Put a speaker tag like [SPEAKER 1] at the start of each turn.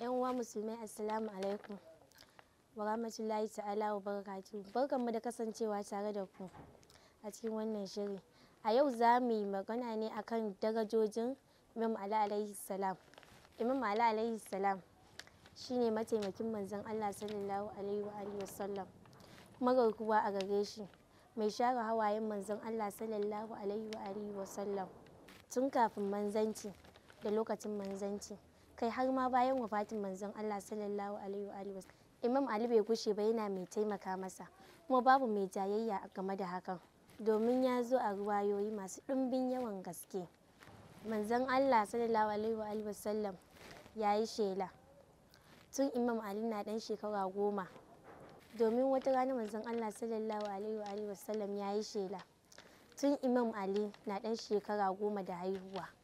[SPEAKER 1] 'yan uwa musulmai assalamu alaikum wa rahmatullahi ta'ala wa barakatu barkanmu da kasancewa tare da ku a cikin wannan shiri a yau za mu yi magana ne akan darajojin imam ala alaihi salam imam ala alaihi salam shine mataimakin manzon allah sallallahu alaihi wa alihi wasallam kuma garkuwa a gare shi mai share hawayen manzon allah sallallahu alaihi wa alihi wasallam tun kafin manzanci da lokacin manzanci kai har ma bayan wafatin manzon Allah sallallahu alaihi wa alihi Imam Ali bai gushe ba yana mai taimaka masa kuma babu mai jayayya game da hakan domin ya zo a ruwayoyi masu ɗumbin yawan gaske manzon Allah sallallahu alaihi wa alihi wasallam ya yi shela tun Imam Ali na dan shekara goma domin wata rana manzon Allah sallallahu alaihi wa alihi wasallam ya yi shela tun Imam Ali na dan shekara goma da haihuwa